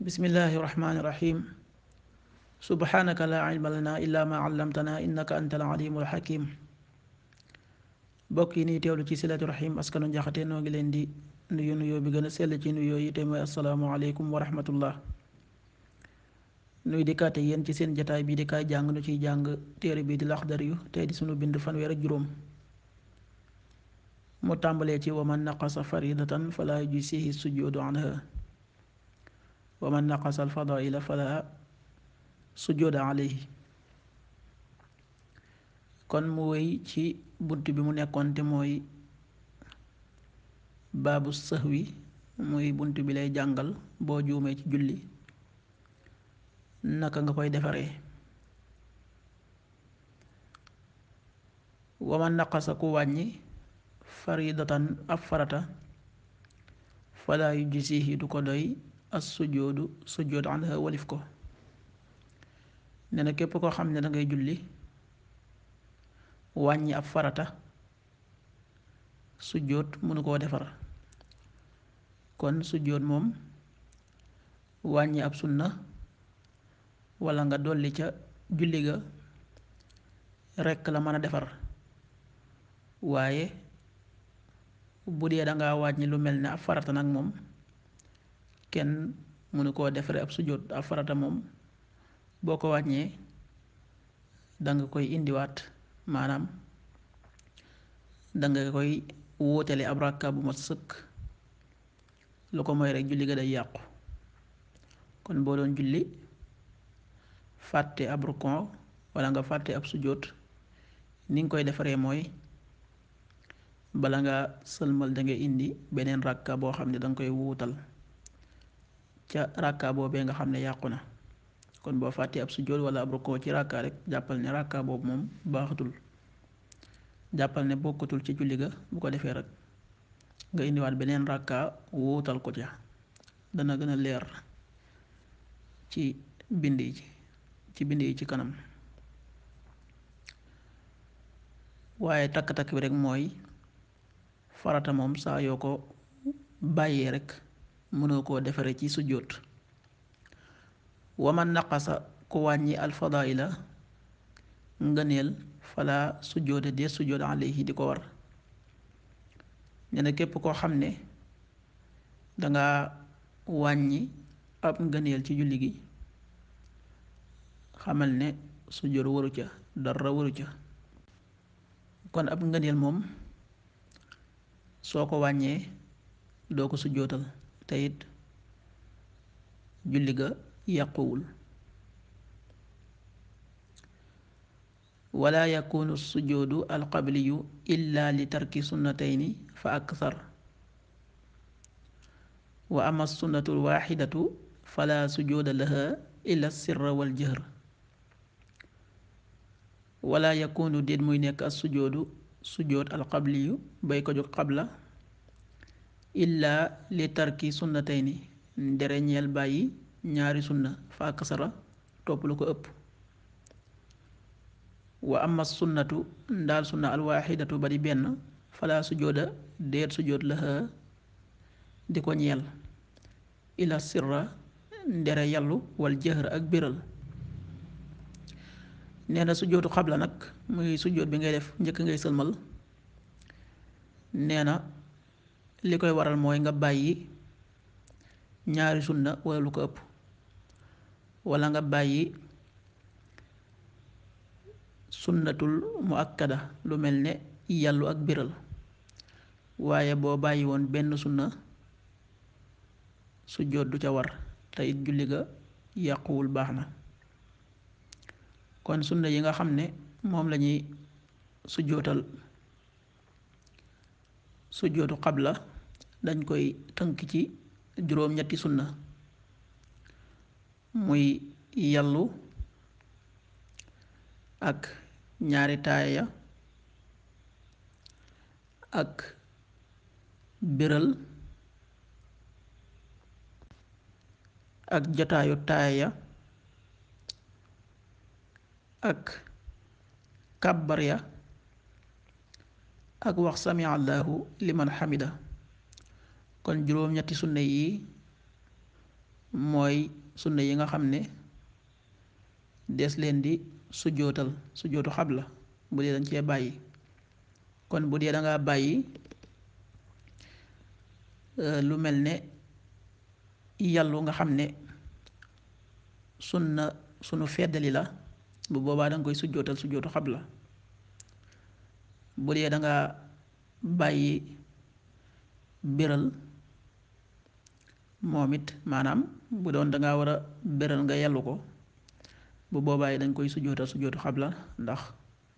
bismillahi rahmaani rahiim subhaanaka laa ilma lanaa illaa maa allamtanaa innaka antal aliimul hakiim mbokk nii teewlu ci silatu rahim askanu njaxate noo ngi leen di nuyu nuyoo bi gën a sell ci nuyoo yi te mooy asalaamualeykum wa rahmatullah nuy dikkaate yéen ci seen jataay bi di kaay jàng nu ciy jàng téere bi di laxdar yu tey di sunu bind fanweer ak juróom mu tàmbalee ci waman naqasa faridatan falaa yujzihi sujudu anha wa man naqasa alfadaila fala sujuda alayhi kon mu wéy ci bunt bi mu nekkoon te mooy baabu sahwi muy bunt bi lay jàngal boo juumee ci julli naka nga koy defaree wa man naqasa ku wàññi faridatan ab farata fala yujisihi du ko doy as sujoodu sujood anha walif ko nee na képp koo xam ne dangay julli wàññi ab farata sujood mënu koo defar kon sujood moom wàññi ab sunna walla nga dolli ca julli ga rekk la mën a defar waaye bu dee dangaa wàññi lu mel ne ab farata nag moom kenn mu ne koo defaree ab sujjóot ab farata moom boo ko wàññee danga koy indiwaat maanaam danga koy wóotale ab ràkka bu ma sëkk lu ko moy rekk julli ga day yàqu kon boo doon julli fàtte ab rukon walla nga fàtte ab sujjóot ni nga koy defaree mooy bala nga sëlmal dangay indi beneen ràkka boo xam ne danga koy wuutal ca rakka boobee nga xam ne yàqu na kon boo fàttee ab sujjóot wala ab rukkoo ci rakka rek jàppal ne rakka boobu moom baaxatul jàppal ne bokkatul ci julli ga bu ko defee rek nga indiwaat beneen ràkka wóotal ko ca dana gën a leer ci bind yi ci bind yi ci kanam waaye takk-takk bi rek mooy farata moom saa yoo ko bàyyee rek mënoo koo defare ci sujjóot waman naqasa ku wàññi la ngëneel fala sujjóote dee sujjóot alayhi di ko war nee képp koo xam ne danga wàññi ab ngëneel ci julli gi xamal ne sujjóot waru ca dara waru ca kon ab ngëneel moom soo ko wàññee doo ko sujjóotal te it julli ga yàquwul wala yakunu sujuudu alqabliyu illa li tarki sunnatayni fa akthar wa ama sunnatu alwaxidatu fala sujuuda laha illa sirra wal jahr wala yakunu déet muy nekk as sujuudu sujuud alqabliyu bay ko jóg qabla illa li tarki sunnatay ni ndere ñeel bàyyi ñaari sunna fa kasara topp lu ko ëpp wa amma sunnatu ndaal sunna alwaxidatu ba di benn fala sujooda déet sujood la di ko ñeel ila sirra ndere yàllu wal jëhër ak biral neena na sujoodu xabla nag muy sujood bi ngay def njëkk ngay sëlmal nee li koy waral mooy nga bàyyi ñaari sunna wala lu ko ëpp wala nga bàyyi sunnatul mu ak akkada lu mel ne yàllu ak biral waaye boo bàyyi woon benn sunna su du ca war te it julli ga yàquwul baax na kon sunna yi nga xam ne moom lañuy su jootal xab la dañ koy tënk ci juróom-ñetti sunna muy yàllu ak ñaari taaya ak bërël ak jotaayu taaya ak kàbbar ya ak wax sami allahu liman xamida kon juróom-ñetti sunna yi mooy sunna yi nga xam ne des leen di sujjootal xab la bu dee dañ cee bàyyi kon bu dee dangaa bàyyi euh, lu mel ne yàllu nga xam ne sunna sunu feddali la bu boobaa danga koy sujjootal xab la bu dee danga bàyyi béral moom it maanaam bu doon dangaa war a béral nga yellu ko bu boobaa yi dañ koy sujjóotal sujjóotu la ndax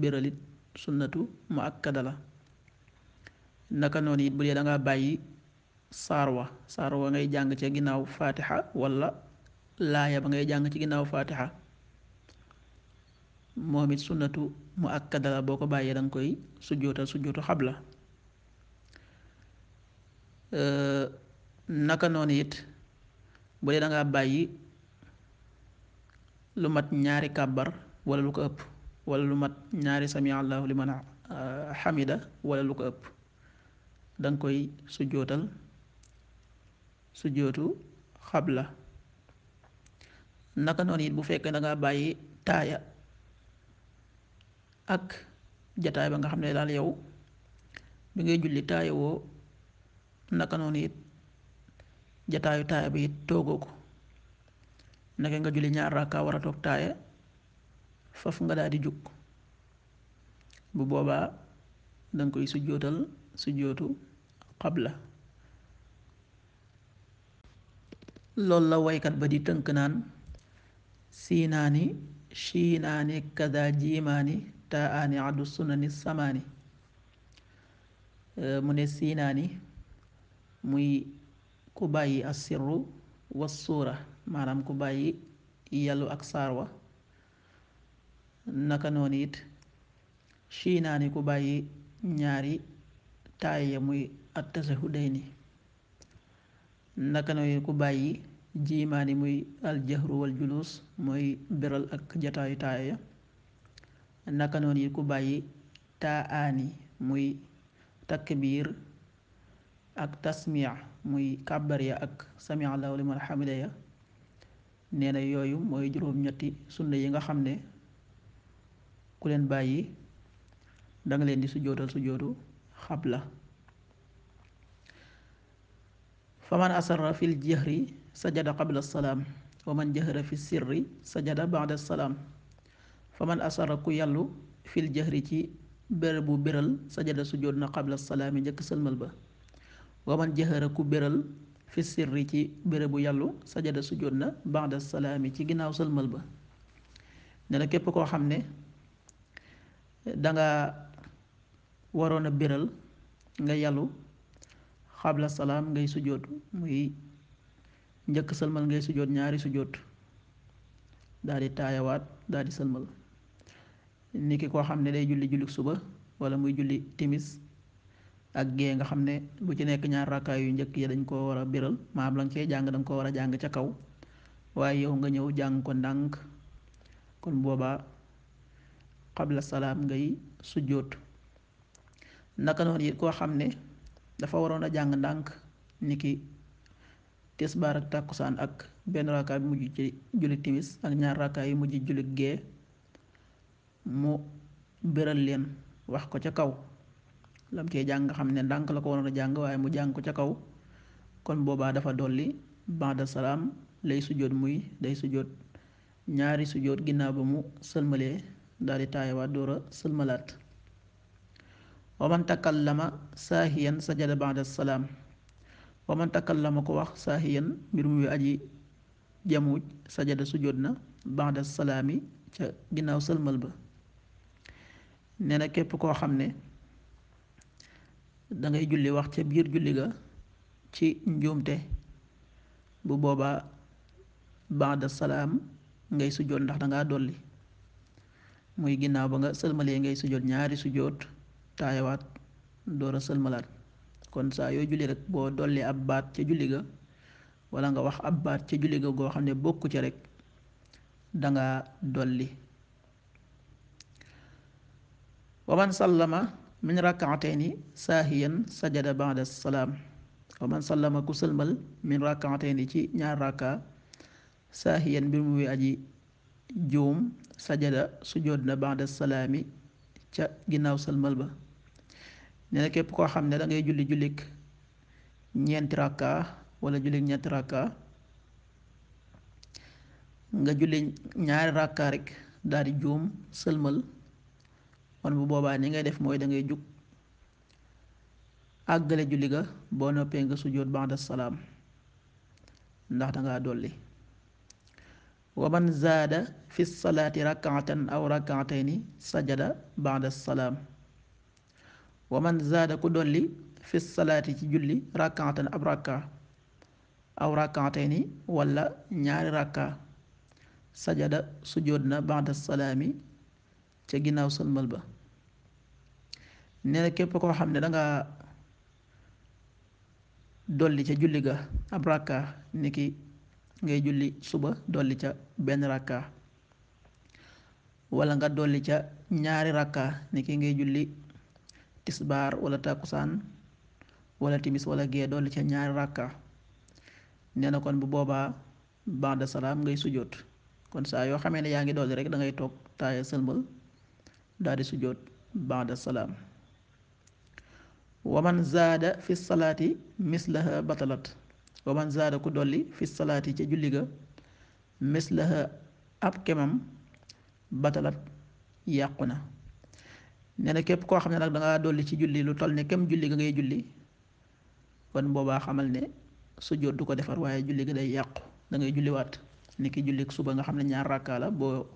béral it sunnatu mu akkada la naka noonu it bu dee dangaa bàyyi saar wa saar wa ngay jàng ci ginnaaw faatixa walla laaya ba ngay jàng ci ginnaaw faatixa moom it sunnatu mu akkada la boo ko bàyyee danga koy sujjóotal sujjóotu xabla naka noonu it bu dee dangaa bàyyi lu mat ñaari kàbbar wala lu ko ëpp wala lu mat ñaari sami allahu liman xamida wala lu ëpp danga koy sujjóotal sujjóotu xabla naka noonu it bu fekkee dangaa bàyyi taaya ak jataay ba nga xam ne daal yow bi ngay julli taayawoo naka noonu it jataayu taaya bi it toogoo ko naka nga julli ñaar rakka war a toog faf nga daal di jug bu boobaa danga koy sujjootal xab la loolu la woykat ba di tënk naan siinaani shiinaani kada jiimaani taani addu sunani samaani eh, mu ne siinaani muy ku bàyyi assirru wa suura maanaam ku bàyyi yàllu ak saarwa naka noonu it shiinaani ku bàyyi ñaari taaya muy attashahudayni naka noonu it ku bàyyi jiimaani muy aljahru wal julus mooy beral ak jataayu taaya naka noonu yi ku bàyyi taani muy takbiir ak tasmiya muy kàbbar ya ak sami allahu liman hamida ya nee na yooyu mooy juróom-ñetti sunna yi nga xam ne ku leen bàyyi danga leen di sujjóotal sujjóotu xabla faman asarra fil jahri sajada qabla salaam wa man jahra fi sirri sajada ba'da salaam man asara ku yàllu fil jahri ci bérébu béral sajada sujjóot na xabla salaami njëkk sëlmal ba man jahara ku béral fi sirri ci bu yàllu sajada sujjóot na ba'da salaami ci ginnaaw sëlmal ba ne képp koo xam ne danga waroon a béral nga yàllu xabla salaam ngay sujjóot muy njëkk sëlmal ngay sujjóot ñaari sujjóot daal di taayawaat daal sëlmal niki koo xam ne day julli julli suba wala muy julli timis ak gée nga xam ne bu ci nekk ñaar rakkaay yu njëkk yi dañ koo war a biral maam lañ nga cee jàng da ko war a jàng ca kaw waaye yow nga ñëw jàng ko ndànk kon boobaa xabla salaam ngay sujjóot naka noonu it koo xam ne dafa waroon a jàng ndànk niki tisbaar ak tàkkusaan ak benn rakkaay mujj ci julli timis ak ñaar rakkaay yu mujj julli gée mu béral leen wax ko ca kaw lam cee jàng xam ne ndànk la ko waroon a jàng waaye mu jàng ko ca kaw kon boobaa dafa dolli ba'da salaam lay sujjóot muy day sujjóot ñaari sujjóot ginnaaw ba mu sëlmalee daal di taayawaat door a sëlmalaat wa man takallama saahiyan sajada ba'da salaam wa man takallama ko wax saahiyan mbir mu muy aji jamuj sajada sujjóot na ba'da salaami ca ginnaaw sëlmal ba nee na képp koo xam ne dangay julli wax ca biir julli ga ci njuumte bu boobaa baada salaam ngay sujjoot ndax dangaa dolli muy ginnaaw ba nga sëlmalee ngay sujjoot ñaari sujjoot taayawaat door a sëlmalaat kon saa yoo julli rek boo dolli ab baat ca julli ga wala nga wax ab baat ca julli ga goo xam ne bokku ci rek danga dolli wa man sallama min ni saahiyan sajada baada salaam wa man sallama ku sëlmal min rakaatayni ci ñaar raka saahiyan mbir mu aji juum sajada sujjóot na baada salaami ca ginnaaw sëlmal ba nee képp koo xam ne dangay julli jullik ñeenti rakka walla julli ñetti rakka nga julli ñaari rakka rek daal di juum sëlmal kon bu boobaa ni ngay def mooy dangay ngay jug àggale julli ga boo noppee nga sujjóot ba'da salaam ndax danga dolli wa man zaada fi salaati rakaatan aw rakaatayni sajada ba'da salaam wa man zaada ku dolli fi salaati ci julli rakaatan ab rakka aw rakaatayni walla ñaari rakka sajada sujjóot na ba'da salaami ca ginnaaw sëlmal ba nee képp koo xam ne danga dolli ca julli ga ab rakka ni ki ngay julli suba dolli ca benn rakka wala nga dolli ca ñaari rakka ni ki ngay julli tisbaar wala takkusaan wala timis wala gee dolli ca ñaari rakka nee na kon bu boobaa ba'da salaam ngay sujjóot kon saa yoo xamee ne yaa ngi dolli rek da ngay toog taaya sëlmal daal di sujjóot ba'da salaam waman zaada fi salaati mislaha batalat waman zaada ku dolli fi salaati ca julli ga mislaha ab kemam batalat yàqu na ne na képp koo xam ne nag danga dolli ci julli lu toll ne kem julli ga ngay julli kon boobaa xamal ne su sujjóot du ko defar waaye julli ga day yàqu da ngay julliwaat ni ki julli suba nga xam ne ñaar rakka la boo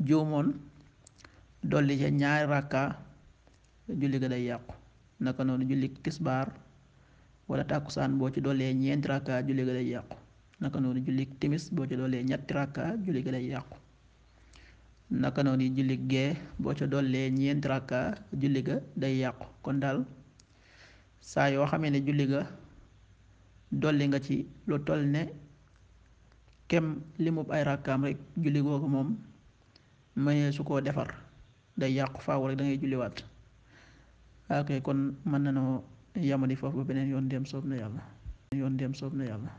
juumoon dolli ca ñaari rakka julli ga day yàqu naka noonu julli tisbaar wala tàkkusaan boo ci doolee ñeenti rakka julli ga day yàqu naka noonu julli timis boo ci doolee ñetti rakka julli ga day yàqu naka noonu julli gee boo ci doolee ñeenti rakka julli ga day yàqu kon daal saa yoo xamee ne julli ga dolli nga ci lu toll ne kem limub ay rakkaam rek julli googu moom mayee su koo defar day yàqu faaw rek da ngay julliwaat ok kon mën nañoo yamadi foofu ba beneen yoon dem soob na yàlla yoon dem soob na yàlla